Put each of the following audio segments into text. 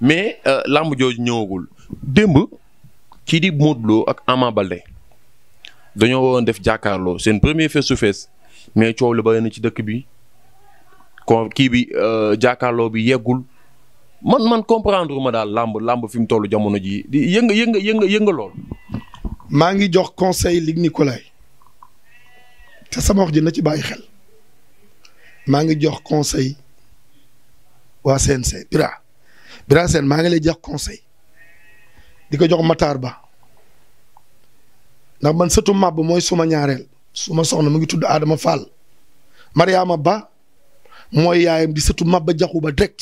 mais euh, làmb jooju ñëwagul démb kii di Modou ak Ama Baldé dañoo waroon def jàkkaarloo seen premier face to face mais coow li bari na ci dëkk bi kon kii bi euh, jàkkaarloo bi yeggul man man comprendre ma daal làmb làmb fi mu toll jamono ji di yënga yënga yënga yënga lool. maa ngi jox conseil Luc Nicolaï te sama wax ji na ci bàyyi xel maa ngi jox conseil waa CNC Bira Bira maa ngi lay jax conseil di ko jox Matar Ba ndax man sëtu màbb mooy suma ñaareel suma soxna mu ngi tudd Adama Fall Mariama Ba mooy yaayam di sëtu màbb jaxu ba direct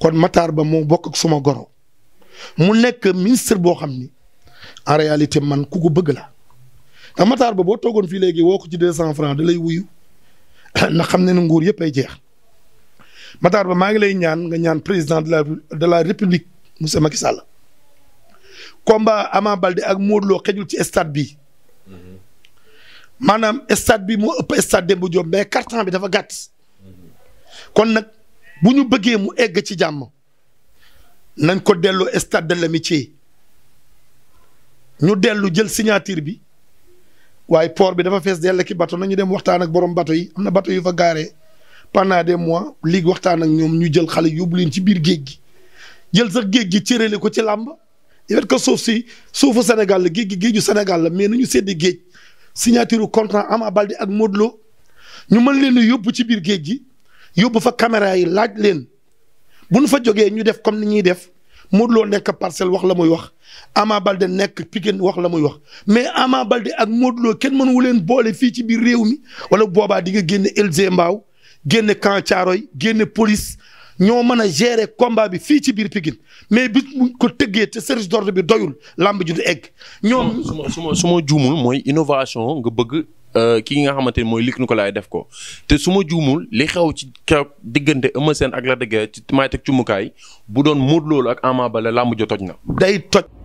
kon Matar Ba moo bokk suma goro mu nekk ministre boo xam ni en réalité man ku ko bëgg la ndax Matar Ba boo toogoon fii léegi woo ko ci deux cent francs da lay wuyu ndax xam ne ne nguur yëpp ay jeex Matar Ba maa ngi lay ñaan nga ñaan président de la de la république monsieur Macky Sall combat Ama Baldé ak Modou Lo xejul ci stade bi mm-hmm. maanaam stade bi mu ëpp stade bu Diop mais carton bi dafa gàtt. Mm-hmm. kon nag bu ñu bëggee mu egg ci jàmm nañ ko delloo stade de l'amitié ñu dellu jël signature bi waaye port bi dafa fees dell ki bato nañu dem waxtaan ak borom bato yi am na bato yu fa gaaree. pendant des mois lii waxtaan ak ñoom ñu jël xale yóbbu leen ci biir géej gi jël sax géej gi cërale ko ci làmb il est que suuf si suufu Sénégal la géej gi géeju Sénégal la mais na nañu séddi géej signature contrat amaa Baldé ak Modou ñu mën leen yóbbu ci biir géej gi yóbbu fa caméra yi laaj leen bu nu fa jógee ñu def comme ni ñuy def Modou Lo nekk parcelle wax la muy wax Ama Baldé nekk Pikine wax la muy wax mais Ama Baldé ak Modou Lo kenn mënu leen boole fii ci biir réew mi wala boobaa di nga génne LG Mbaaw génne camp Thiaroy génne police ñoo mën a gere combat bi fii ci biir Pikine mais bi ko tëggee te service d'ordre bi doyul làmb ji du egg. ñoom su ma su ma su ma juumul mooy innovation nga bëgg. Euh, ki nga xamante ni mooy Luc Nicolaï def ko te su ma juumul li xew ci keroog diggante Eumeu seen ak Lac de Guiers may teg cumukaay bu doon Modou Lô ak Ama Baldé làmb jo toj na. day toj.